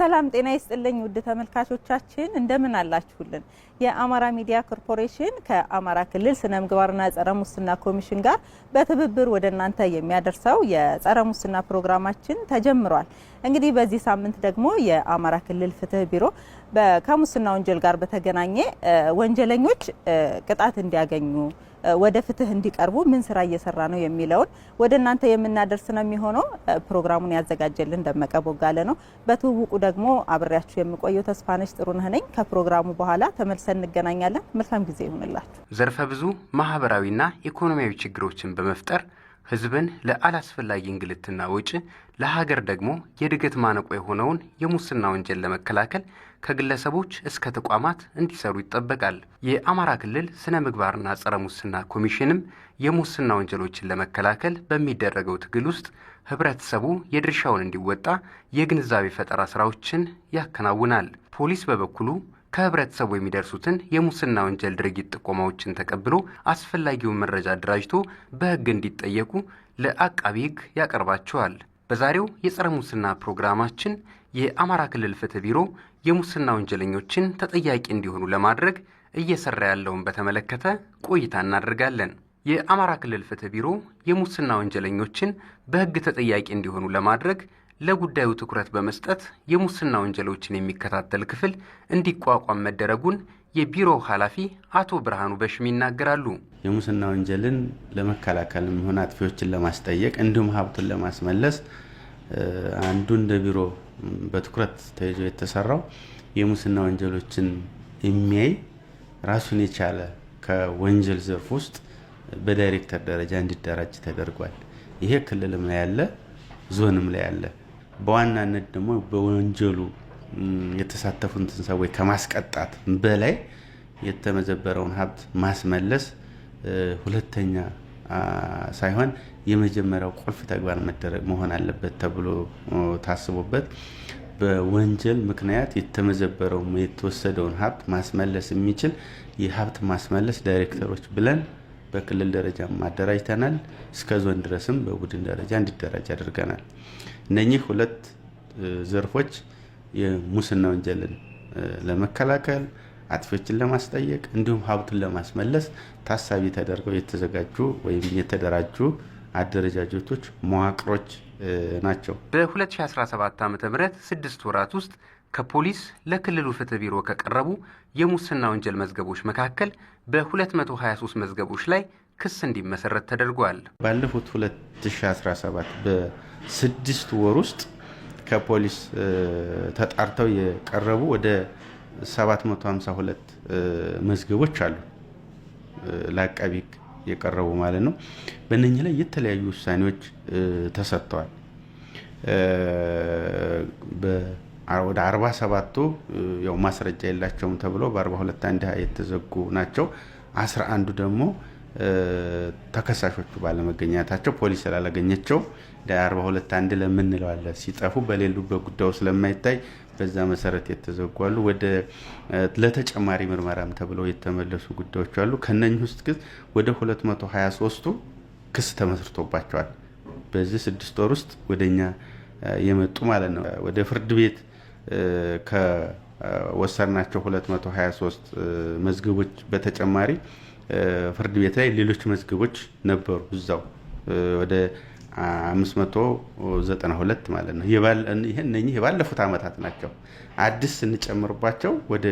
ሰላም ጤና ይስጥልኝ ውድ ተመልካቾቻችን እንደምን አላችሁልን? የአማራ ሚዲያ ኮርፖሬሽን ከአማራ ክልል ስነ ምግባርና ጸረ ሙስና ኮሚሽን ጋር በትብብር ወደ እናንተ የሚያደርሰው የጸረ ሙስና ፕሮግራማችን ተጀምሯል። እንግዲህ በዚህ ሳምንት ደግሞ የአማራ ክልል ፍትህ ቢሮ ከሙስና ወንጀል ጋር በተገናኘ ወንጀለኞች ቅጣት እንዲያገኙ ወደ ፍትህ እንዲቀርቡ ምን ስራ እየሰራ ነው የሚለውን ወደ እናንተ የምናደርስ ነው የሚሆነው። ፕሮግራሙን ያዘጋጀልን ደመቀ ቦጋለ ነው። በትውውቁ ደግሞ አብሬያችሁ የምቆየው ተስፋነች ጥሩነህ ነኝ። ከፕሮግራሙ በኋላ ተመልሰን እንገናኛለን። መልካም ጊዜ ይሁንላችሁ። ዘርፈ ብዙ ማህበራዊና ኢኮኖሚያዊ ችግሮችን በመፍጠር ህዝብን ለአላስፈላጊ እንግልትና ወጪ ለሀገር ደግሞ የእድገት ማነቆ የሆነውን የሙስና ወንጀል ለመከላከል ከግለሰቦች እስከ ተቋማት እንዲሰሩ ይጠበቃል። የአማራ ክልል ስነ ምግባርና ጸረ ሙስና ኮሚሽንም የሙስና ወንጀሎችን ለመከላከል በሚደረገው ትግል ውስጥ ህብረተሰቡ የድርሻውን እንዲወጣ የግንዛቤ ፈጠራ ስራዎችን ያከናውናል። ፖሊስ በበኩሉ ከህብረተሰቡ የሚደርሱትን የሙስና ወንጀል ድርጊት ጥቆማዎችን ተቀብሎ አስፈላጊውን መረጃ አደራጅቶ በህግ እንዲጠየቁ ለአቃቢ ህግ ያቀርባቸዋል። በዛሬው የጸረ ሙስና ፕሮግራማችን የአማራ ክልል ፍትህ ቢሮ የሙስና ወንጀለኞችን ተጠያቂ እንዲሆኑ ለማድረግ እየሰራ ያለውን በተመለከተ ቆይታ እናደርጋለን። የአማራ ክልል ፍትህ ቢሮ የሙስና ወንጀለኞችን በህግ ተጠያቂ እንዲሆኑ ለማድረግ ለጉዳዩ ትኩረት በመስጠት የሙስና ወንጀሎችን የሚከታተል ክፍል እንዲቋቋም መደረጉን የቢሮው ኃላፊ አቶ ብርሃኑ በሽም ይናገራሉ። የሙስና ወንጀልን ለመከላከል ሆነ አጥፊዎችን ለማስጠየቅ እንዲሁም ሀብቱን ለማስመለስ አንዱ እንደ ቢሮ በትኩረት ተይዞ የተሰራው የሙስና ወንጀሎችን የሚያይ ራሱን የቻለ ከወንጀል ዘርፍ ውስጥ በዳይሬክተር ደረጃ እንዲደራጅ ተደርጓል። ይሄ ክልልም ላይ ያለ ዞንም ላይ ያለ በዋናነት ደግሞ በወንጀሉ የተሳተፉትን ሰዎች ከማስቀጣት በላይ የተመዘበረውን ሀብት ማስመለስ ሁለተኛ ሳይሆን የመጀመሪያው ቁልፍ ተግባር መደረግ መሆን አለበት ተብሎ ታስቦበት በወንጀል ምክንያት የተመዘበረው የተወሰደውን ሀብት ማስመለስ የሚችል የሀብት ማስመለስ ዳይሬክተሮች ብለን በክልል ደረጃ ማደራጅተናል። እስከ ዞን ድረስም በቡድን ደረጃ እንዲደራጅ አድርገናል። እነኚህ ሁለት ዘርፎች የሙስና ወንጀልን ለመከላከል አጥፊዎችን ለማስጠየቅ እንዲሁም ሀብቱን ለማስመለስ ታሳቢ ተደርገው የተዘጋጁ ወይም የተደራጁ አደረጃጀቶች፣ መዋቅሮች ናቸው። በ2017 ዓ ም ስድስት ወራት ውስጥ ከፖሊስ ለክልሉ ፍትህ ቢሮ ከቀረቡ የሙስና ወንጀል መዝገቦች መካከል በ223 መዝገቦች ላይ ክስ እንዲመሰረት ተደርጓል። ባለፉት 2017 በስድስት ወር ውስጥ ከፖሊስ ተጣርተው የቀረቡ ወደ 752 መዝገቦች አሉ ለአቃቢ የቀረቡ ማለት ነው። በእነኚህ ላይ የተለያዩ ውሳኔዎች ተሰጥተዋል። ወደ አርባ ሰባቱ ያው ማስረጃ የላቸውም ተብሎ በአርባ ሁለት አንድ የተዘጉ ናቸው። አስራ አንዱ ደግሞ ተከሳሾቹ ባለመገኘታቸው ፖሊስ ስላላገኘቸው አርባ ሁለት አንድ ለምንለዋለ ሲጠፉ በሌሉበት ጉዳዩ ስለማይታይ በዛ መሰረት የተዘጓሉ ወደ ለተጨማሪ ምርመራም ተብለው የተመለሱ ጉዳዮች አሉ። ከነኚህ ውስጥ ግን ወደ 223ቱ ክስ ተመስርቶባቸዋል። በዚህ ስድስት ወር ውስጥ ወደኛ የመጡ ማለት ነው። ወደ ፍርድ ቤት ከወሰድናቸው 223 መዝገቦች በተጨማሪ ፍርድ ቤት ላይ ሌሎች መዝገቦች ነበሩ እዛው ወደ 592 ማለት ነው። ይህ የባለፉት ዓመታት ናቸው። አዲስ ስንጨምርባቸው ወደ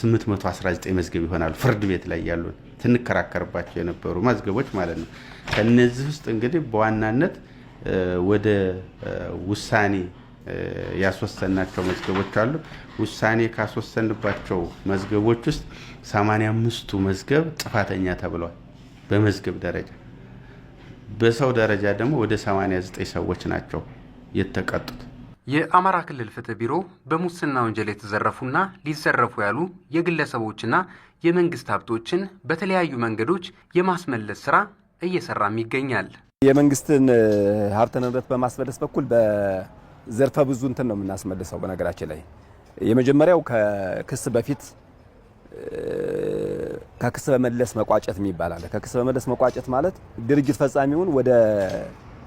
819 መዝገብ ይሆናሉ። ፍርድ ቤት ላይ ያሉ ስንከራከርባቸው የነበሩ መዝገቦች ማለት ነው። ከነዚህ ውስጥ እንግዲህ በዋናነት ወደ ውሳኔ ያስወሰናቸው መዝገቦች አሉ። ውሳኔ ካስወሰንባቸው መዝገቦች ውስጥ 85ቱ መዝገብ ጥፋተኛ ተብሏል በመዝገብ ደረጃ በሰው ደረጃ ደግሞ ወደ 89 ሰዎች ናቸው የተቀጡት። የአማራ ክልል ፍትህ ቢሮ በሙስና ወንጀል የተዘረፉና ሊዘረፉ ያሉ የግለሰቦችና የመንግስት ሀብቶችን በተለያዩ መንገዶች የማስመለስ ስራ እየሰራም ይገኛል። የመንግስትን ሀብት ንብረት በማስመለስ በኩል በዘርፈ ብዙ እንትን ነው የምናስመልሰው። በነገራችን ላይ የመጀመሪያው ከክስ በፊት ከክስ በመለስ መቋጨት የሚባል አለ። ከክስ በመለስ መቋጨት ማለት ድርጅት ፈጻሚውን ወደ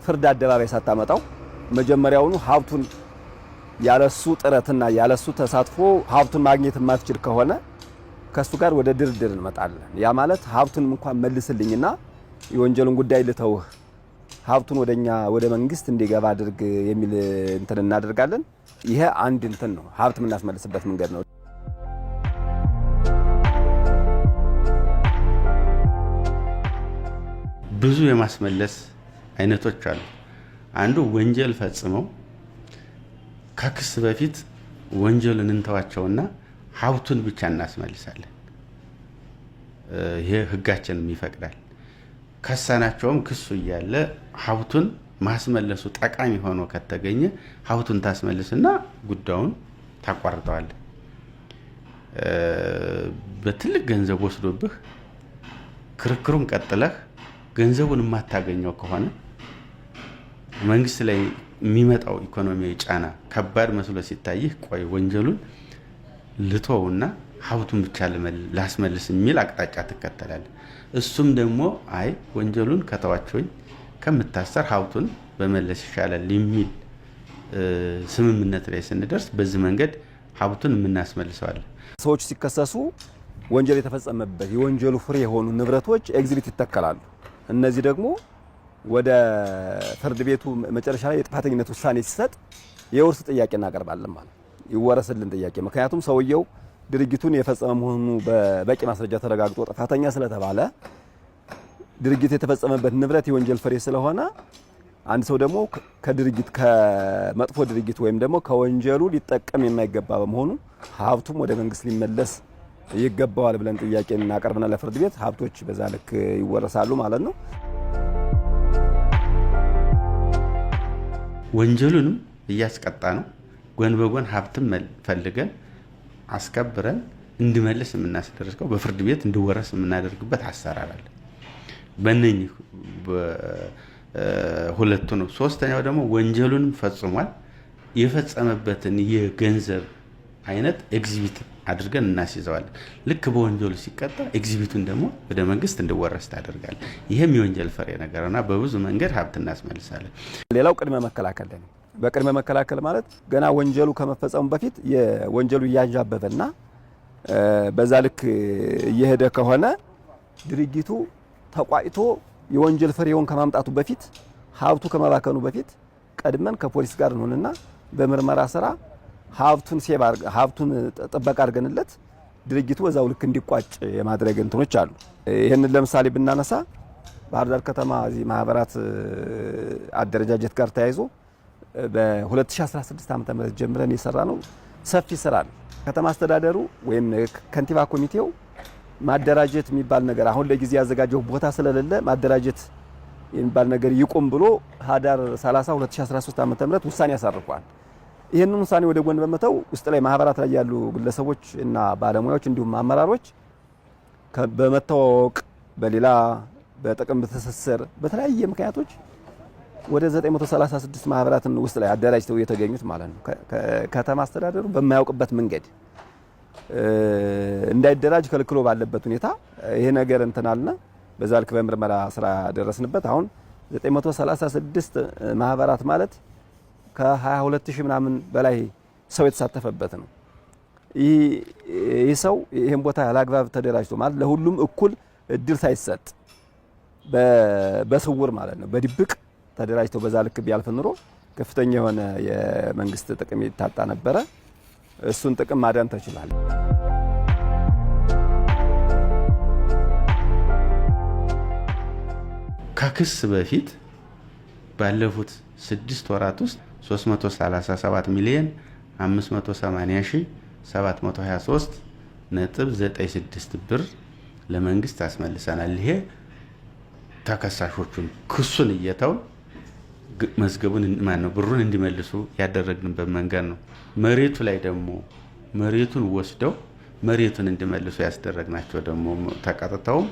ፍርድ አደባባይ ሳታመጣው መጀመሪያውኑ ሀብቱን ያለሱ ጥረትና ያለሱ ተሳትፎ ሀብቱን ማግኘት የማትችል ከሆነ ከሱ ጋር ወደ ድርድር እንመጣለን። ያ ማለት ሀብቱን እንኳን መልስልኝና የወንጀሉን ጉዳይ ልተውህ፣ ሀብቱን ወደኛ ወደ መንግስት እንዲገባ አድርግ የሚል እንትን እናደርጋለን። ይሄ አንድ እንትን ነው፣ ሀብት የምናስመልስበት መንገድ ነው። ብዙ የማስመለስ አይነቶች አሉ። አንዱ ወንጀል ፈጽመው ከክስ በፊት ወንጀልን እንተዋቸውና ሀብቱን ብቻ እናስመልሳለን። ይሄ ህጋችንም ይፈቅዳል። ከሳናቸውም ክሱ እያለ ሀብቱን ማስመለሱ ጠቃሚ ሆኖ ከተገኘ ሀብቱን ታስመልስና ጉዳዩን ታቋርጠዋል። በትልቅ ገንዘብ ወስዶብህ ክርክሩን ቀጥለህ ገንዘቡን የማታገኘው ከሆነ መንግስት ላይ የሚመጣው ኢኮኖሚያዊ ጫና ከባድ መስሎ ሲታይህ ቆይ ወንጀሉን ልቶውና ሀብቱን ብቻ ላስመልስ የሚል አቅጣጫ ትከተላል። እሱም ደግሞ አይ ወንጀሉን ከተዋቸውኝ ከምታሰር ሀብቱን በመለስ ይሻላል የሚል ስምምነት ላይ ስንደርስ በዚህ መንገድ ሀብቱን የምናስመልሰዋለን። ሰዎች ሲከሰሱ ወንጀል የተፈጸመበት የወንጀሉ ፍሬ የሆኑ ንብረቶች ኤግዚቢት ይተከላሉ። እነዚህ ደግሞ ወደ ፍርድ ቤቱ መጨረሻ ላይ የጥፋተኝነት ውሳኔ ሲሰጥ የውርስ ጥያቄ እናቀርባለን ማለት ይወረስልን ጥያቄ። ምክንያቱም ሰውየው ድርጊቱን የፈጸመ መሆኑ በበቂ ማስረጃ ተረጋግጦ ጥፋተኛ ስለተባለ ድርጊት የተፈጸመበት ንብረት የወንጀል ፍሬ ስለሆነ አንድ ሰው ደግሞ ከድርጊት ከመጥፎ ድርጊት ወይም ደግሞ ከወንጀሉ ሊጠቀም የማይገባ በመሆኑ ሀብቱም ወደ መንግስት ሊመለስ ይገባዋል ብለን ጥያቄ እናቀርብና ለፍርድ ቤት ሀብቶች በዛ ልክ ይወረሳሉ ማለት ነው። ወንጀሉንም እያስቀጣ ነው። ጎን በጎን ሀብትም ፈልገን አስከብረን እንዲመልስ የምናስደርገው በፍርድ ቤት እንዲወረስ የምናደርግበት አሰራር አለ። በእነኝህ ሁለቱ ነው። ሶስተኛው ደግሞ ወንጀሉንም ፈጽሟል የፈጸመበትን የገንዘብ አይነት ኤግዚቢት አድርገን እናስይዘዋለን። ልክ በወንጀሉ ሲቀጣ ኤግዚቢቱን ደግሞ ወደ መንግስት እንዲወረስ ታደርጋለን። ይህም የወንጀል ፍሬ ነገር እና በብዙ መንገድ ሀብት እናስመልሳለን። ሌላው ቅድመ መከላከል ደግሞ በቅድመ መከላከል ማለት ገና ወንጀሉ ከመፈጸሙ በፊት የወንጀሉ እያንዣበበና በዛ ልክ እየሄደ ከሆነ ድርጊቱ ተቋጭቶ የወንጀል ፍሬውን ከማምጣቱ በፊት ሀብቱ ከመባከኑ በፊት ቀድመን ከፖሊስ ጋር እንሆንና በምርመራ ስራ ሀብቱን ሴቭ ሀብቱን ጥበቃ አድርገንለት ድርጊቱ እዛው ልክ እንዲቋጭ የማድረግ እንትኖች አሉ። ይህንን ለምሳሌ ብናነሳ ባህር ዳር ከተማ እዚህ ማህበራት አደረጃጀት ጋር ተያይዞ በ2016 ዓ ም ጀምረን የሰራ ነው ሰፊ ስራ ነው። ከተማ አስተዳደሩ ወይም ከንቲባ ኮሚቴው ማደራጀት የሚባል ነገር አሁን ለጊዜ ያዘጋጀው ቦታ ስለሌለ ማደራጀት የሚባል ነገር ይቁም ብሎ ህዳር 30 2013 ዓ ም ውሳኔ ያሳርፏል። ይህንን ውሳኔ ወደ ጎን በመተው ውስጥ ላይ ማህበራት ላይ ያሉ ግለሰቦች እና ባለሙያዎች እንዲሁም አመራሮች በመተዋወቅ በሌላ በጥቅም ትስስር በተለያየ ምክንያቶች ወደ 936 ማህበራትን ውስጥ ላይ አደራጅተው የተገኙት ማለት ነው። ከተማ አስተዳደሩ በማያውቅበት መንገድ እንዳይደራጅ ከልክሎ ባለበት ሁኔታ ይሄ ነገር እንትናልና በዛ ልክ በምርመራ ስራ ደረስንበት። አሁን 936 ማህበራት ማለት ከ22 ሺህ ምናምን በላይ ሰው የተሳተፈበት ነው። ይህ ሰው ይህን ቦታ ያላግባብ ተደራጅቶ ማለት ለሁሉም እኩል እድል ሳይሰጥ በስውር ማለት ነው በድብቅ ተደራጅቶ በዛ ልክ ቢያልፍ ኑሮ ከፍተኛ የሆነ የመንግስት ጥቅም ይታጣ ነበረ። እሱን ጥቅም ማዳን ተችሏል። ከክስ በፊት ባለፉት ስድስት ወራት ውስጥ 337 ሚሊዮን 580723 ነጥብ 96 ብር ለመንግስት አስመልሰናል። ይሄ ተከሳሾቹን ክሱን እየተው መዝገቡን ማን ነው ብሩን እንዲመልሱ ያደረግንበት መንገድ ነው። መሬቱ ላይ ደግሞ መሬቱን ወስደው መሬቱን እንዲመልሱ ያስደረግናቸው ደግሞ ተቀጥተውም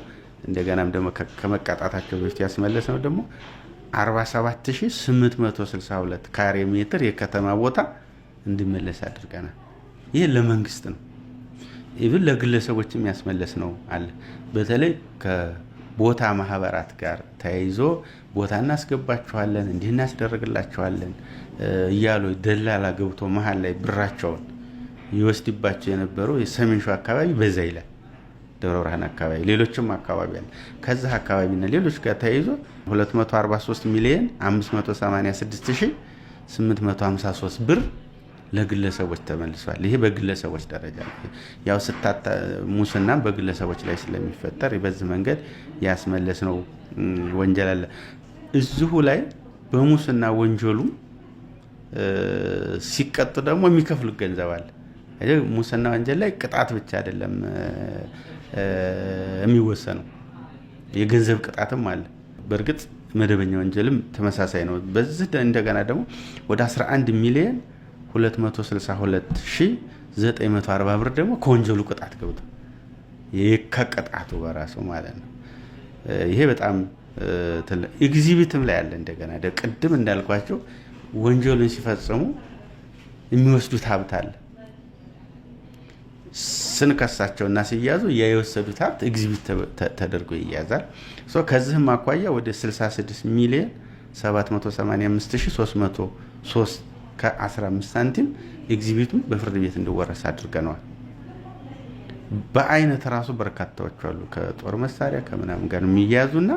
እንደገናም ደግሞ ከመቀጣታቸው በፊት ያስመለስ ነው ደግሞ 47862 ካሬ ሜትር የከተማ ቦታ እንዲመለስ አድርገናል። ይህ ለመንግስት ነው። ኢቭን ለግለሰቦችም ያስመለስ ነው አለ። በተለይ ከቦታ ማህበራት ጋር ተያይዞ ቦታ እናስገባችኋለን፣ እንዲህ እናስደረግላችኋለን እያሉ ደላላ ገብቶ መሀል ላይ ብራቸውን ይወስድባቸው የነበረው የሰሜን ሸዋ አካባቢ በዛ ይላል። ደብረ ብርሃን አካባቢ ሌሎችም አካባቢ አለ። ከዛ አካባቢና ሌሎች ጋር ተያይዞ 243 ሚሊዮን 586853 ብር ለግለሰቦች ተመልሷል። ይሄ በግለሰቦች ደረጃ ያው ስታታ ሙስና በግለሰቦች ላይ ስለሚፈጠር በዚህ መንገድ ያስመለስ ነው ወንጀል አለ። እዚሁ ላይ በሙስና ወንጀሉ ሲቀጡ ደግሞ የሚከፍሉት ገንዘብ አለ። ሙስና ወንጀል ላይ ቅጣት ብቻ አይደለም የሚወሰነው። የገንዘብ ቅጣትም አለ። በእርግጥ መደበኛ ወንጀልም ተመሳሳይ ነው። በዚህ እንደገና ደግሞ ወደ 11 ሚሊዮን 262940 ብር ደግሞ ከወንጀሉ ቅጣት ገብቶ ከቅጣቱ በራሱ ማለት ነው። ይሄ በጣም ኤግዚቢትም ላይ አለ። እንደገና ቅድም እንዳልኳቸው ወንጀሉን ሲፈጽሙ የሚወስዱት ሀብት አለ። ስንከሳቸውና ሲያዙ የወሰዱት ሀብት ኤግዚቢት ተደርጎ ይያዛል። ከዚህም አኳያ ወደ 66 ሚሊዮን 785303 ከ15 ሳንቲም ኤግዚቢቱን በፍርድ ቤት እንዲወረስ አድርገነዋል። በአይነት ራሱ በርካታዎች አሉ ከጦር መሳሪያ ከምናምን ጋር የሚያያዙና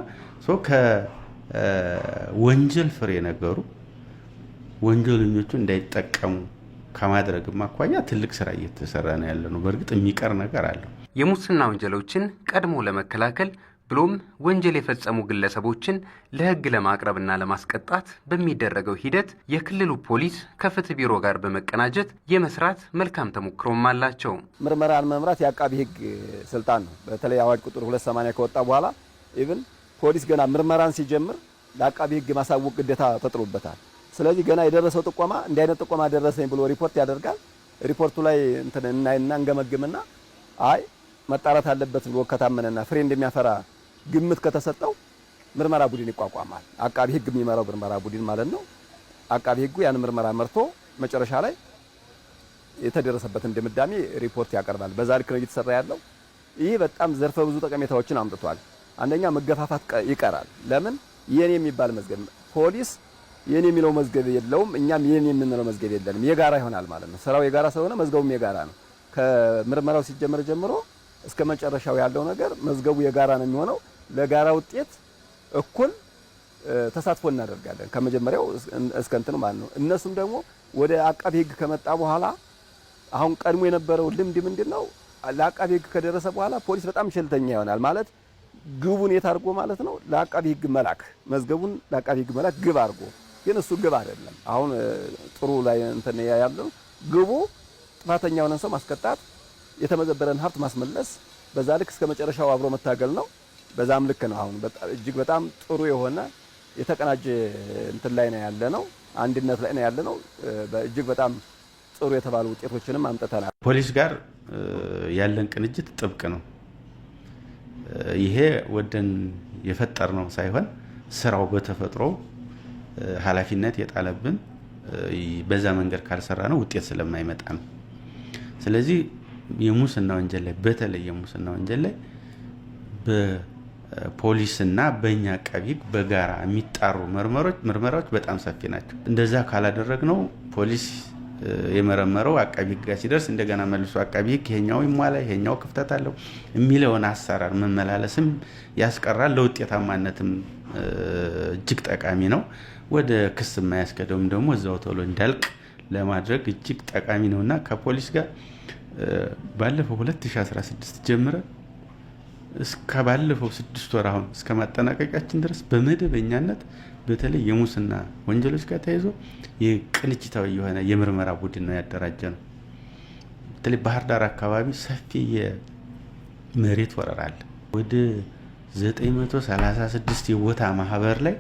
ከወንጀል ፍሬ ነገሩ ወንጀለኞቹ እንዳይጠቀሙ ከማድረግም አኳያ ትልቅ ስራ እየተሰራ ነው ያለ ነው። በእርግጥ የሚቀር ነገር አለ። የሙስና ወንጀሎችን ቀድሞ ለመከላከል ብሎም ወንጀል የፈጸሙ ግለሰቦችን ለሕግ ለማቅረብና ለማስቀጣት በሚደረገው ሂደት የክልሉ ፖሊስ ከፍትህ ቢሮ ጋር በመቀናጀት የመስራት መልካም ተሞክሮም አላቸው። ምርመራን መምራት የአቃቢ ሕግ ስልጣን ነው። በተለይ አዋጅ ቁጥር 280 ከወጣ በኋላ ኢቭን ፖሊስ ገና ምርመራን ሲጀምር ለአቃቢ ሕግ ማሳወቅ ግዴታ ተጥሎበታል። ስለዚህ ገና የደረሰው ጥቆማ እንዲህ አይነት ጥቆማ ደረሰኝ ብሎ ሪፖርት ያደርጋል። ሪፖርቱ ላይ እንትን እናይና እንገመግምና አይ መጣራት አለበት ብሎ ከታመነና ፍሬ እንደሚያፈራ ግምት ከተሰጠው ምርመራ ቡድን ይቋቋማል። አቃቢ ሕግ የሚመራው ምርመራ ቡድን ማለት ነው። አቃቢ ሕጉ ያን ምርመራ መርቶ መጨረሻ ላይ የተደረሰበትን ድምዳሜ ሪፖርት ያቀርባል። በዛ ልክ ነው እየተሰራ ያለው። ይህ በጣም ዘርፈ ብዙ ጠቀሜታዎችን አምጥቷል። አንደኛ መገፋፋት ይቀራል። ለምን የኔ የሚባል መዝገብ ፖሊስ የኔ የሚለው መዝገብ የለውም። እኛም የኔ የምንለው መዝገብ የለንም። የጋራ ይሆናል ማለት ነው። ስራው የጋራ ስለሆነ መዝገቡም የጋራ ነው። ከምርመራው ሲጀመር ጀምሮ እስከ መጨረሻው ያለው ነገር መዝገቡ የጋራ ነው የሚሆነው። ለጋራ ውጤት እኩል ተሳትፎ እናደርጋለን ከመጀመሪያው እስከ እንትኑ ማለት ነው። እነሱም ደግሞ ወደ አቃቤ ሕግ ከመጣ በኋላ አሁን ቀድሞ የነበረው ልምድ ምንድን ነው? ለአቃቤ ሕግ ከደረሰ በኋላ ፖሊስ በጣም ቸልተኛ ይሆናል ማለት ግቡን የት አድርጎ ማለት ነው ለአቃቤ ህግ መላክ መዝገቡን ለአቃቤ ህግ መላክ ግብ አድርጎ ግን እሱ ግብ አይደለም። አሁን ጥሩ ላይ እንትን ያለው ግቡ ጥፋተኛ ሰው ማስቀጣት፣ የተመዘበረን ሀብት ማስመለስ፣ በዛ ልክ እስከ መጨረሻው አብሮ መታገል ነው። በዛም ልክ ነው። አሁን እጅግ በጣም ጥሩ የሆነ የተቀናጀ እንትን ላይ ነው ያለ ነው። አንድነት ላይ ነው ያለ ነው። እጅግ በጣም ጥሩ የተባሉ ውጤቶችንም አምጥተናል። ፖሊስ ጋር ያለን ቅንጅት ጥብቅ ነው። ይሄ ወደን የፈጠር ነው ሳይሆን ስራው በተፈጥሮ ኃላፊነት የጣለብን በዛ መንገድ ካልሰራ ነው ውጤት ስለማይመጣ ነው። ስለዚህ የሙስና ወንጀል ላይ በተለይ የሙስና ወንጀል ላይ በፖሊስና በእኛ አቃቢ ሕግ በጋራ የሚጣሩ ምርመራዎች በጣም ሰፊ ናቸው። እንደዛ ካላደረግ ነው ፖሊስ የመረመረው አቃቢ ሕግ ጋር ሲደርስ እንደገና መልሶ አቃቢ ሕግ ይሄኛው ይሟላ ይሄኛው ክፍተት አለው የሚለውን አሰራር መመላለስም ያስቀራል። ለውጤታማነትም እጅግ ጠቃሚ ነው። ወደ ክስ የማያስቀደውም ደግሞ እዛው ቶሎ እንዳልቅ ለማድረግ እጅግ ጠቃሚ ነው እና ከፖሊስ ጋር ባለፈው 2016 ጀምረ እስከ ባለፈው ስድስት ወር አሁን እስከ ማጠናቀቂያችን ድረስ በመደበኛነት በተለይ የሙስና ወንጀሎች ጋር ተያይዞ የቅንጅታዊ የሆነ የምርመራ ቡድን ነው ያደራጀ ነው። በተለይ ባህር ዳር አካባቢ ሰፊ የመሬት ወረራ አለ። ወደ 936 የቦታ ማህበር ላይ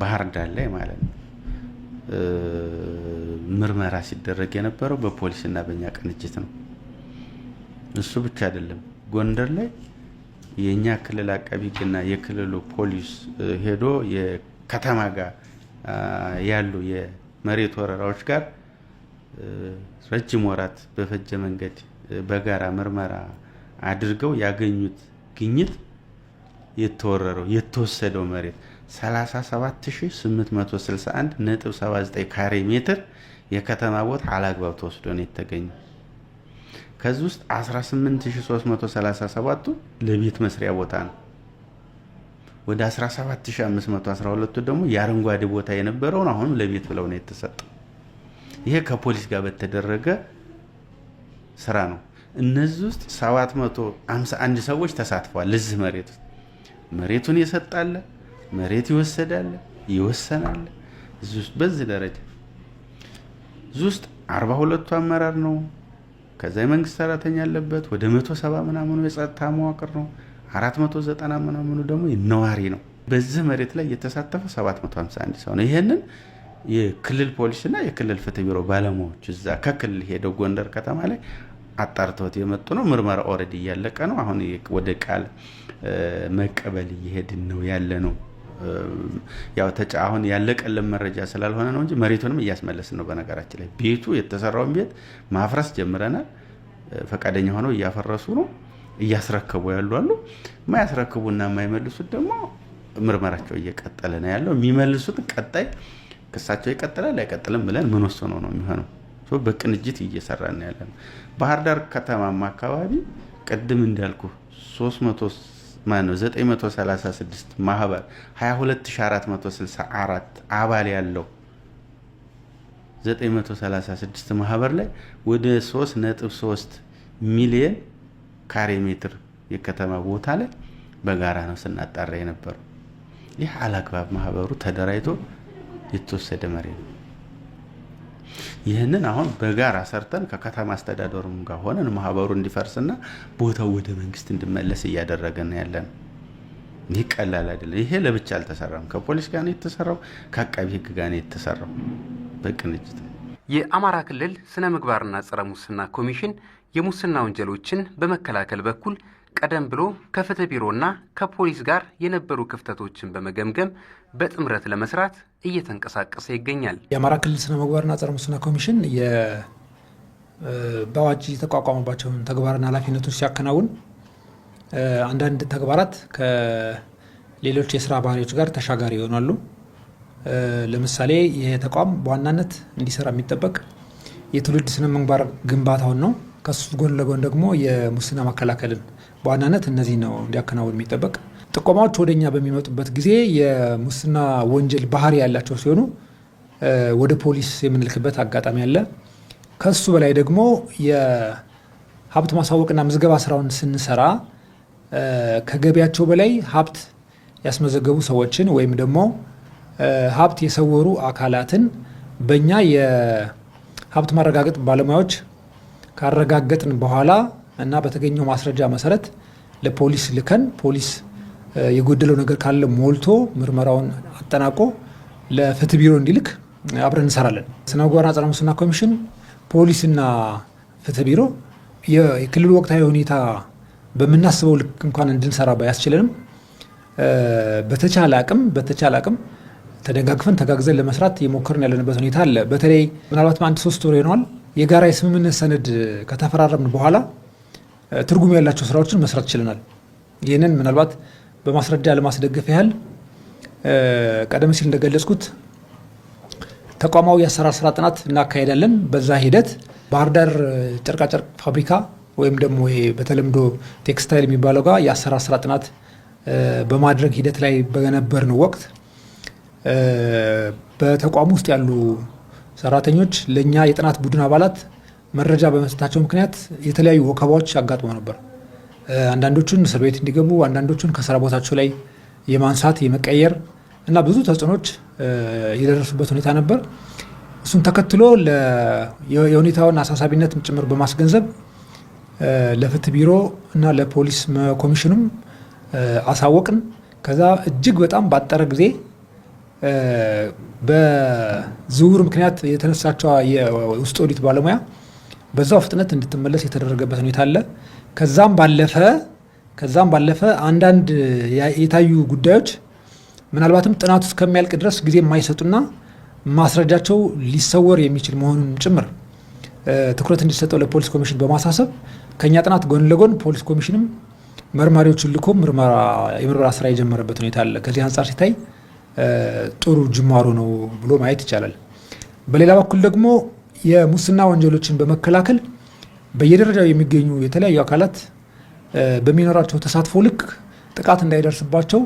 ባህር ዳር ላይ ማለት ነው ምርመራ ሲደረግ የነበረው በፖሊስና በእኛ ቅንጅት ነው። እሱ ብቻ አይደለም፣ ጎንደር ላይ የእኛ ክልል አቃቢ ሕግና የክልሉ ፖሊስ ሄዶ የከተማ ጋር ያሉ የመሬት ወረራዎች ጋር ረጅም ወራት በፈጀ መንገድ በጋራ ምርመራ አድርገው ያገኙት ግኝት የተወረረው የተወሰደው መሬት 37861.79 ካሬ ሜትር የከተማ ቦታ አላግባብ ተወስዶ ነው የተገኘ። ከዚህ ውስጥ 18337ቱ ለቤት መስሪያ ቦታ ነው። ወደ 17512 ደግሞ የአረንጓዴ ቦታ የነበረውን አሁንም ለቤት ብለው ነው የተሰጠው። ይሄ ከፖሊስ ጋር በተደረገ ስራ ነው። እነዚህ ውስጥ 751 ሰዎች ተሳትፈዋል። ለዚህ መሬት መሬቱን የሰጣለ መሬት ይወሰዳል፣ ይወሰናል። በዚህ ደረጃ እዚህ ውስጥ አርባ ሁለቱ አመራር ነው። ከዛ የመንግስት ሰራተኛ ያለበት ወደ መቶ ሰባ ምናምኑ የጸጥታ መዋቅር ነው። አራት መቶ ዘጠና ምናምኑ ደግሞ ነዋሪ ነው። በዚህ መሬት ላይ የተሳተፈ 751 ሰው ነው። ይህንን የክልል ፖሊስና የክልል ፍትህ ቢሮ ባለሙያዎች እዛ ከክልል ሄደው ጎንደር ከተማ ላይ አጣርተውት የመጡ ነው። ምርመራ ኦልሬዲ እያለቀ ነው። አሁን ወደ ቃል መቀበል እየሄድን ነው ያለ ነው። ያው ተጫ አሁን ያለቀለም መረጃ ስላልሆነ ነው እንጂ መሬቱንም እያስመለስን ነው። በነገራችን ላይ ቤቱ የተሰራውን ቤት ማፍረስ ጀምረናል። ፈቃደኛ ሆነው እያፈረሱ ነው፣ እያስረከቡ ያሉ አሉ። የማያስረክቡና የማይመልሱት ደግሞ ምርመራቸው እየቀጠለ ነው ያለው። የሚመልሱት ቀጣይ ክሳቸው ይቀጥላል አይቀጥልም ብለን ምን ወሰኖ ነው የሚሆነው። በቅንጅት እየሰራ ያለ ነው። ባህር ዳር ከተማማ አካባቢ ቅድም እንዳልኩ 3 ማነው 936 ማህበር 22464 አባል ያለው 936 ማህበር ላይ ወደ 3.3 ሚሊየን ካሬ ሜትር የከተማ ቦታ ላይ በጋራ ነው ስናጣራ የነበረው። ይህ አላግባብ ማህበሩ ተደራጅቶ የተወሰደ መሬት ነው። ይህንን አሁን በጋራ ሰርተን ከከተማ አስተዳደሩም ጋር ሆነን ማህበሩ እንዲፈርስና ቦታው ወደ መንግስት እንዲመለስ እያደረገን ያለን ይህ ቀላል አይደለም። ይሄ ለብቻ አልተሰራም። ከፖሊስ ጋር ነው የተሰራው፣ ከአቃቢ ህግ ጋር ነው የተሰራው በቅንጅት የአማራ ክልል ስነ ምግባርና ጸረ ሙስና ኮሚሽን የሙስና ወንጀሎችን በመከላከል በኩል ቀደም ብሎ ከፍትህ ቢሮና ከፖሊስ ጋር የነበሩ ክፍተቶችን በመገምገም በጥምረት ለመስራት እየተንቀሳቀሰ ይገኛል። የአማራ ክልል ስነ ምግባርና ጸረ ሙስና ኮሚሽን በአዋጅ የተቋቋመባቸውን ተግባርና ኃላፊነቶች ሲያከናውን አንዳንድ ተግባራት ከሌሎች የስራ ባህሪዎች ጋር ተሻጋሪ ይሆናሉ። ለምሳሌ ይህ ተቋም በዋናነት እንዲሰራ የሚጠበቅ የትውልድ ስነ ምግባር ግንባታውን ነው። ከሱ ጎን ለጎን ደግሞ የሙስና መከላከልን በዋናነት እነዚህ ነው እንዲያከናውን የሚጠበቅ ጥቆማዎች ወደኛ በሚመጡበት ጊዜ የሙስና ወንጀል ባህሪ ያላቸው ሲሆኑ ወደ ፖሊስ የምንልክበት አጋጣሚ አለ። ከሱ በላይ ደግሞ የሀብት ማሳወቅና ምዝገባ ስራውን ስንሰራ ከገቢያቸው በላይ ሀብት ያስመዘገቡ ሰዎችን ወይም ደግሞ ሀብት የሰወሩ አካላትን በእኛ የሀብት ማረጋገጥ ባለሙያዎች ካረጋገጥን በኋላ እና በተገኘው ማስረጃ መሰረት ለፖሊስ ልከን ፖሊስ የጎደለው ነገር ካለ ሞልቶ ምርመራውን አጠናቆ ለፍትህ ቢሮ እንዲልክ አብረን እንሰራለን። ስነ ምግባርና ሙስና ኮሚሽን፣ ፖሊስና ፍትህ ቢሮ የክልሉ ወቅታዊ ሁኔታ በምናስበው ልክ እንኳን እንድንሰራ ባያስችለንም በተቻለ አቅም በተቻለ አቅም ተደጋግፈን ተጋግዘን ለመስራት የሞከርን ያለንበት ሁኔታ አለ። በተለይ ምናልባትም አንድ ሶስት ወር ሆኗል የጋራ የስምምነት ሰነድ ከተፈራረምን በኋላ ትርጉም ያላቸው ስራዎችን መስራት ችለናል። ይህንን ምናልባት በማስረጃ ለማስደገፍ ያህል ቀደም ሲል እንደገለጽኩት ተቋማዊ የአሰራር ስራ ጥናት እናካሄዳለን። በዛ ሂደት ባህር ዳር ጨርቃጨርቅ ፋብሪካ ወይም ደግሞ ይሄ በተለምዶ ቴክስታይል የሚባለው ጋር የአሰራር ስራ ጥናት በማድረግ ሂደት ላይ በነበርነው ወቅት በተቋሙ ውስጥ ያሉ ሰራተኞች ለእኛ የጥናት ቡድን አባላት መረጃ በመስጠታቸው ምክንያት የተለያዩ ወከባዎች አጋጥመው ነበር። አንዳንዶቹን እስር ቤት እንዲገቡ፣ አንዳንዶቹን ከስራ ቦታቸው ላይ የማንሳት የመቀየር እና ብዙ ተጽዕኖች የደረሱበት ሁኔታ ነበር። እሱን ተከትሎ የሁኔታውን አሳሳቢነት ጭምር በማስገንዘብ ለፍትህ ቢሮ እና ለፖሊስ ኮሚሽኑም አሳወቅን። ከዛ እጅግ በጣም ባጠረ ጊዜ በዝውውር ምክንያት የተነሳቸው የውስጥ ኦዲት ባለሙያ በዛው ፍጥነት እንድትመለስ የተደረገበት ሁኔታ አለ። ከዛም ባለፈ ከዛም ባለፈ አንዳንድ የታዩ ጉዳዮች ምናልባትም ጥናቱ እስከሚያልቅ ድረስ ጊዜ የማይሰጡና ማስረጃቸው ሊሰወር የሚችል መሆኑን ጭምር ትኩረት እንዲሰጠው ለፖሊስ ኮሚሽን በማሳሰብ ከእኛ ጥናት ጎን ለጎን ፖሊስ ኮሚሽንም መርማሪዎችን ልኮ የምርመራ ስራ የጀመረበት ሁኔታ አለ። ከዚህ አንጻር ሲታይ ጥሩ ጅማሮ ነው ብሎ ማየት ይቻላል። በሌላ በኩል ደግሞ የሙስና ወንጀሎችን በመከላከል በየደረጃው የሚገኙ የተለያዩ አካላት በሚኖራቸው ተሳትፎ ልክ ጥቃት እንዳይደርስባቸው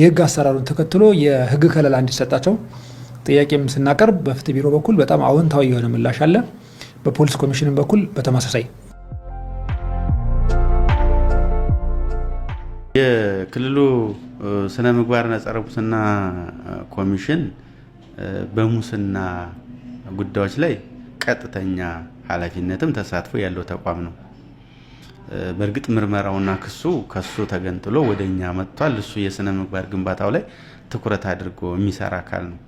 የህግ አሰራሩን ተከትሎ የህግ ከለላ እንዲሰጣቸው ጥያቄም ስናቀርብ በፍትህ ቢሮ በኩል በጣም አዎንታዊ የሆነ ምላሽ አለ። በፖሊስ ኮሚሽን በኩል በተመሳሳይ የክልሉ ስነ ምግባርና ጸረ ሙስና ኮሚሽን በሙስና ጉዳዮች ላይ ቀጥተኛ ኃላፊነትም ተሳትፎ ያለው ተቋም ነው። በእርግጥ ምርመራውና ክሱ ከሱ ተገንጥሎ ወደ እኛ መጥቷል። እሱ የስነ ምግባር ግንባታው ላይ ትኩረት አድርጎ የሚሰራ አካል ነው።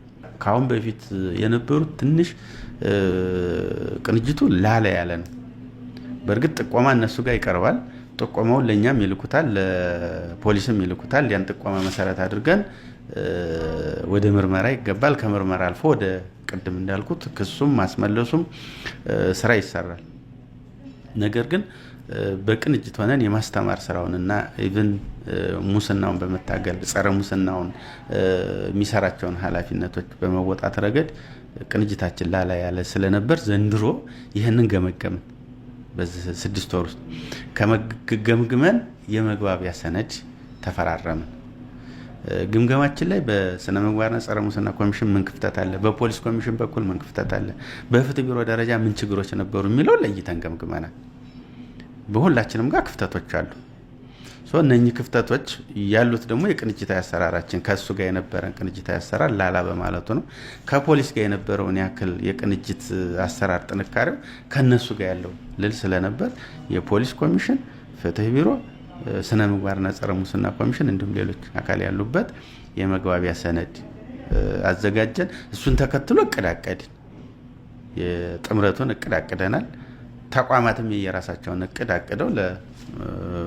ከአሁን በፊት የነበሩት ትንሽ ቅንጅቱ ላለ ያለ ነው። በእርግጥ ጥቆማ እነሱ ጋር ይቀርባል። ጥቆማውን ለእኛም ይልኩታል፣ ለፖሊስም ይልኩታል። ያን ጥቆማ መሰረት አድርገን ወደ ምርመራ ይገባል። ከምርመራ አልፎ ወደ ቅድም እንዳልኩት ክሱም ማስመለሱም ስራ ይሰራል። ነገር ግን በቅንጅት ሆነን የማስተማር ስራውን እና ኢቭን ሙስናውን በመታገል ጸረ ሙስናውን የሚሰራቸውን ኃላፊነቶች በመወጣት ረገድ ቅንጅታችን ላላ ያለ ስለነበር ዘንድሮ ይህንን ገመገምን። በስድስት ወር ውስጥ ከመገምግመን የመግባቢያ ሰነድ ተፈራረምን። ግምገማችን ላይ በስነ ምግባርና ጸረ ሙስና ኮሚሽን ምን ክፍተት አለ፣ በፖሊስ ኮሚሽን በኩል ምን ክፍተት አለ፣ በፍትህ ቢሮ ደረጃ ምን ችግሮች ነበሩ የሚለው ለይተን ገምግመናል። በሁላችንም ጋር ክፍተቶች አሉ። እነኚህ ክፍተቶች ያሉት ደግሞ የቅንጅታዊ አሰራራችን ከእሱ ጋር የነበረን ቅንጅታዊ አሰራር ላላ በማለቱ ነው። ከፖሊስ ጋር የነበረውን ያክል የቅንጅት አሰራር ጥንካሬው ከእነሱ ጋር ያለው ልል ስለነበር የፖሊስ ኮሚሽን ፍትህ ቢሮ ስነ ምግባርና ጸረ ሙስና ኮሚሽን እንዲሁም ሌሎች አካል ያሉበት የመግባቢያ ሰነድ አዘጋጀን። እሱን ተከትሎ እቅድ አቀድን። የጥምረቱን እቅድ አቅደናል። ተቋማትም የራሳቸውን እቅድ አቅደው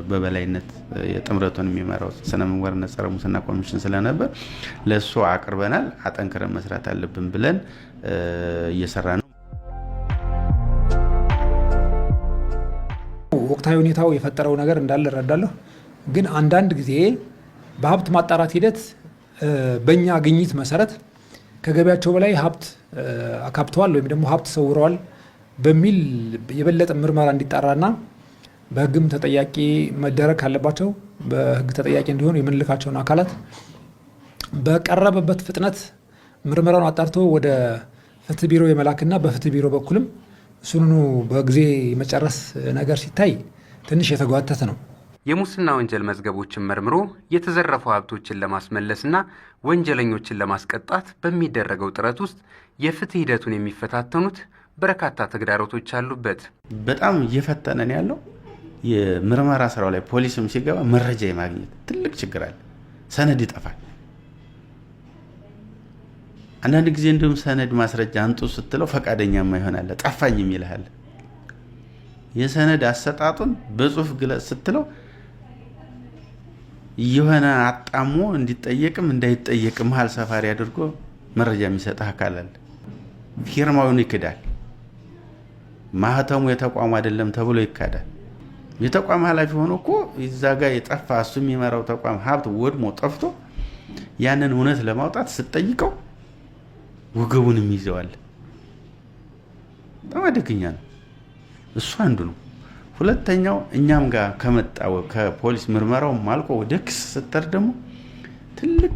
በበላይነት የጥምረቱን የሚመራው ስነ ምግባርና ጸረ ሙስና ኮሚሽን ስለነበር ለእሱ አቅርበናል። አጠንክረን መስራት አለብን ብለን እየሰራ ነው። ወቅታዊ ሁኔታው የፈጠረው ነገር እንዳለ እረዳለሁ። ግን አንዳንድ ጊዜ በሀብት ማጣራት ሂደት በእኛ ግኝት መሰረት ከገቢያቸው በላይ ሀብት አካብተዋል ወይም ደግሞ ሀብት ሰውረዋል በሚል የበለጠ ምርመራ እንዲጣራና በሕግም ተጠያቂ መደረግ ካለባቸው በሕግ ተጠያቂ እንዲሆኑ የምንልካቸውን አካላት በቀረበበት ፍጥነት ምርመራውን አጣርቶ ወደ ፍትህ ቢሮ የመላክና በፍትህ ቢሮ በኩልም ሱኑኑ በጊዜ መጨረስ ነገር ሲታይ ትንሽ የተጓተተ ነው። የሙስና ወንጀል መዝገቦችን መርምሮ የተዘረፉ ሀብቶችን ለማስመለስና ወንጀለኞችን ለማስቀጣት በሚደረገው ጥረት ውስጥ የፍትህ ሂደቱን የሚፈታተኑት በርካታ ተግዳሮቶች አሉበት። በጣም እየፈጠነን ያለው የምርመራ ስራው ላይ ፖሊስም ሲገባ መረጃ የማግኘት ትልቅ ችግር አለ። ሰነድ ይጠፋል። አንዳንድ ጊዜ እንዲሁም ሰነድ ማስረጃ አንጡ ስትለው ፈቃደኛማ ይሆናል። ጠፋኝም ይልሃል። የሰነድ አሰጣጡን በጽሁፍ ግለጽ ስትለው የሆነ አጣሞ እንዲጠየቅም እንዳይጠየቅም መሀል ሰፋሪ አድርጎ መረጃ የሚሰጥህ አካል አለ። ፊርማውን ይክዳል። ማህተሙ የተቋሙ አይደለም ተብሎ ይካዳል። የተቋም ኃላፊ ሆኖ እኮ እዛ ጋር የጠፋ እሱ የሚመራው ተቋም ሀብት ወድሞ ጠፍቶ ያንን እውነት ለማውጣት ስትጠይቀው ወገቡንም ይዘዋል። በጣም አደገኛ ነው። እሱ አንዱ ነው። ሁለተኛው እኛም ጋር ከመጣ ከፖሊስ ምርመራው አልቆ ወደ ክስ ስጠር ደግሞ ትልቅ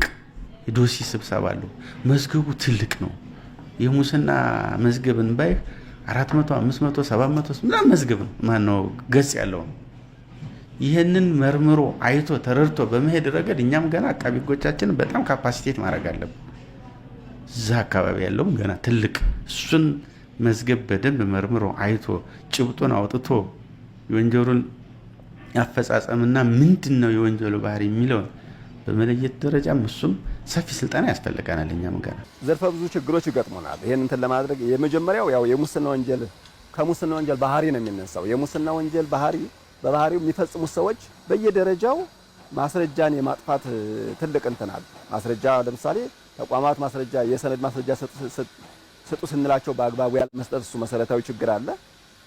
ዶሲ ስብሰባ አለው። መዝገቡ ትልቅ ነው። የሙስና መዝገብን ባይህ አራት መቶ አምስት መቶ ሰባት መቶ ምናምን መዝገብ ነው ማነው ገጽ ያለው ነው። ይህንን መርምሮ አይቶ ተረድቶ በመሄድ ረገድ እኛም ገና አቃቢ ህጎቻችንን በጣም ካፓሲቴት ማድረግ አለብን። እዛ አካባቢ ያለውም ገና ትልቅ እሱን መዝገብ በደንብ መርምሮ አይቶ ጭብጡን አውጥቶ የወንጀሉን አፈጻጸምና ምንድን ነው የወንጀሉ ባህሪ የሚለውን በመለየት ደረጃም እሱም ሰፊ ስልጠና ያስፈልገናል። እኛም ገና ዘርፈ ብዙ ችግሮች ይገጥሙናል። ይህን እንትን ለማድረግ የመጀመሪያው ያው የሙስና ወንጀል ከሙስና ወንጀል ባህሪ ነው የሚነሳው። የሙስና ወንጀል ባህሪ በባህሪው የሚፈጽሙት ሰዎች በየደረጃው ማስረጃን የማጥፋት ትልቅ እንትናል ማስረጃ ለምሳሌ ተቋማት ማስረጃ የሰነድ ማስረጃ ስጡ ስንላቸው በአግባቡ ያለ መስጠት እሱ መሰረታዊ ችግር አለ።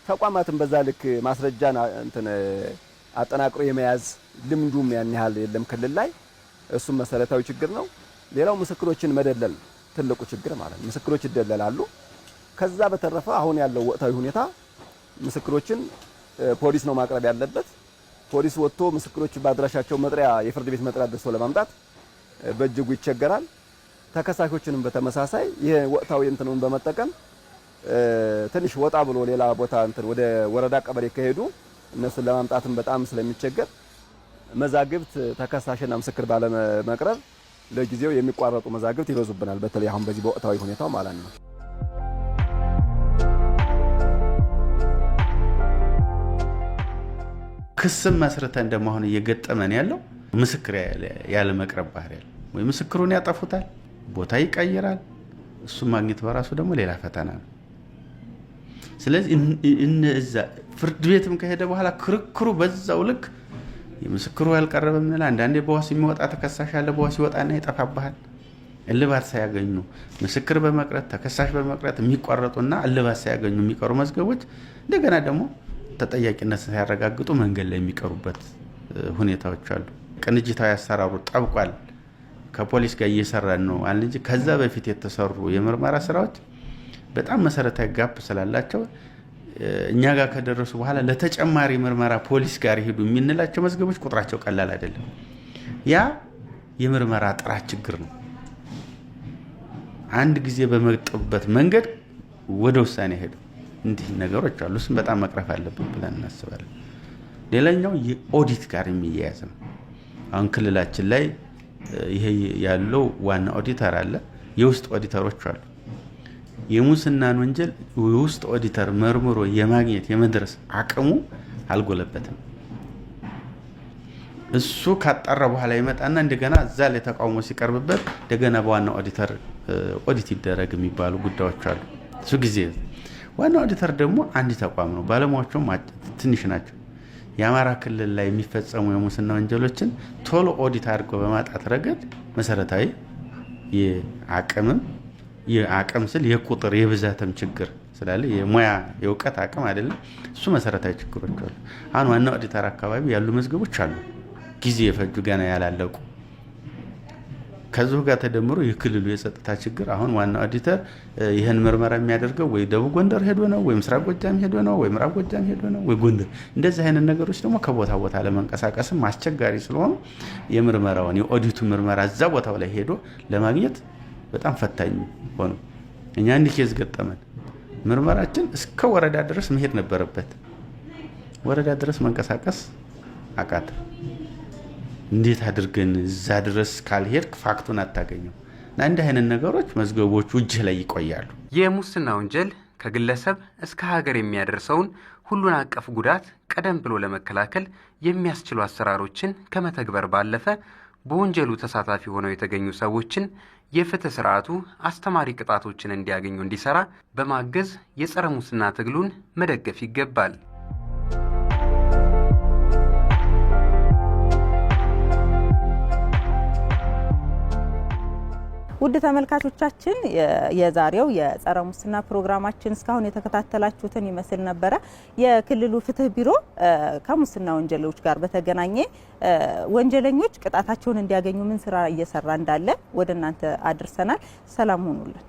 ተቋማትን በዛ ልክ ማስረጃን እንትን አጠናቅሮ የመያዝ ልምዱም ያን ያህል የለም ክልል ላይ። እሱም መሰረታዊ ችግር ነው። ሌላው ምስክሮችን መደለል ትልቁ ችግር ማለት ነው። ምስክሮች ይደለላሉ። ከዛ በተረፈ አሁን ያለው ወቅታዊ ሁኔታ ምስክሮችን ፖሊስ ነው ማቅረብ ያለበት። ፖሊስ ወጥቶ ምስክሮች በአድራሻቸው መጥሪያ የፍርድ ቤት መጥሪያ ደርሶ ለማምጣት በእጅጉ ይቸገራል። ተከሳሾችንም በተመሳሳይ ይሄ እንትኑን በመጠቀም ትንሽ ወጣ ብሎ ሌላ ቦታ እንትን ወደ ወረዳ ቀበሌ ከሄዱ እነሱን ለማምጣትም በጣም ስለሚቸገር መዛግብት ተከሳሽና ምስክር ባለመቅረብ ለጊዜው የሚቋረጡ መዛግብት ይበዙብናል። በተለይ አሁን በዚህ በወቅታዊ ሁኔታው ማለት ነው። ክስም መስርተን ደግሞ እየገጠመን ያለው ምስክር ያለመቅረብ ባህሪ ያለ ወይ ምስክሩን ያጠፉታል ቦታ ይቀይራል። እሱ ማግኘት በራሱ ደግሞ ሌላ ፈተና ነው። ስለዚህ እነዛ ፍርድ ቤትም ከሄደ በኋላ ክርክሩ በዛው ልክ የምስክሩ ያልቀረበ ምንላ አንዳንዴ በዋስ የሚወጣ ተከሳሽ አለ። በዋስ ይወጣና ይጠፋብሃል። እልባት ሳያገኙ ምስክር በመቅረት ተከሳሽ በመቅረት የሚቋረጡና እልባት ሳያገኙ የሚቀሩ መዝገቦች እንደገና ደግሞ ተጠያቂነት ሳያረጋግጡ መንገድ ላይ የሚቀሩበት ሁኔታዎች አሉ። ቅንጅታዊ አሰራሩ ጠብቋል። ከፖሊስ ጋር እየሰራን ነው አለ እንጂ ከዛ በፊት የተሰሩ የምርመራ ስራዎች በጣም መሰረታዊ ጋፕ ስላላቸው እኛ ጋር ከደረሱ በኋላ ለተጨማሪ ምርመራ ፖሊስ ጋር ይሄዱ የምንላቸው መዝገቦች ቁጥራቸው ቀላል አይደለም። ያ የምርመራ ጥራት ችግር ነው። አንድ ጊዜ በመጡበት መንገድ ወደ ውሳኔ ሄዱ። እንዲህ ነገሮች አሉ። እሱም በጣም መቅረፍ አለብን ብለን እናስባለን። ሌላኛው የኦዲት ጋር የሚያያዝ ነው። አሁን ክልላችን ላይ ይሄ ያለው ዋና ኦዲተር አለ፣ የውስጥ ኦዲተሮች አሉ። የሙስናን ወንጀል የውስጥ ኦዲተር መርምሮ የማግኘት የመድረስ አቅሙ አልጎለበትም። እሱ ካጣራ በኋላ ይመጣና እንደገና እዛ ላይ ተቃውሞ ሲቀርብበት እንደገና በዋና ኦዲተር ኦዲት ይደረግ የሚባሉ ጉዳዮች አሉ። እሱ ጊዜ ዋና ኦዲተር ደግሞ አንድ ተቋም ነው፣ ባለሙያዎቹም ትንሽ ናቸው። የአማራ ክልል ላይ የሚፈጸሙ የሙስና ወንጀሎችን ቶሎ ኦዲት አድርጎ በማጣት ረገድ መሰረታዊ የአቅምም የአቅም ስል የቁጥር የብዛትም ችግር ስላለ የሙያ የእውቀት አቅም አይደለም። እሱ መሰረታዊ ችግሮች አሉ። አሁን ዋና ኦዲተር አካባቢ ያሉ መዝገቦች አሉ፣ ጊዜ የፈጁ ገና ያላለቁ ከዚሁ ጋር ተደምሮ የክልሉ የጸጥታ ችግር አሁን ዋና ኦዲተር ይህን ምርመራ የሚያደርገው ወይ ደቡብ ጎንደር ሄዶ ነው ወይ ምስራቅ ጎጃም ሄዶ ነው ወይ ምዕራብ ጎጃም ሄዶ ነው ወይ ጎንደር። እንደዚህ አይነት ነገሮች ደግሞ ከቦታ ቦታ ለመንቀሳቀስም አስቸጋሪ ስለሆኑ የምርመራውን የኦዲቱ ምርመራ እዛ ቦታው ላይ ሄዶ ለማግኘት በጣም ፈታኝ ሆኑ። እኛ እንዲህ ኬዝ ገጠመን። ምርመራችን እስከ ወረዳ ድረስ መሄድ ነበረበት። ወረዳ ድረስ መንቀሳቀስ አቃተ። እንዴት አድርገን እዛ ድረስ ካልሄድክ ፋክቱን አታገኘው እና እንዲህ አይነት ነገሮች መዝገቦቹ እጅህ ላይ ይቆያሉ። የሙስና ወንጀል ከግለሰብ እስከ ሀገር የሚያደርሰውን ሁሉን አቀፍ ጉዳት ቀደም ብሎ ለመከላከል የሚያስችሉ አሰራሮችን ከመተግበር ባለፈ በወንጀሉ ተሳታፊ ሆነው የተገኙ ሰዎችን የፍትህ ስርዓቱ አስተማሪ ቅጣቶችን እንዲያገኙ እንዲሰራ በማገዝ የጸረ ሙስና ትግሉን መደገፍ ይገባል። ውድ ተመልካቾቻችን የዛሬው የጸረ ሙስና ፕሮግራማችን እስካሁን የተከታተላችሁትን ይመስል ነበረ። የክልሉ ፍትህ ቢሮ ከሙስና ወንጀሎች ጋር በተገናኘ ወንጀለኞች ቅጣታቸውን እንዲያገኙ ምን ስራ እየሰራ እንዳለ ወደ እናንተ አድርሰናል። ሰላም ሆኑልን።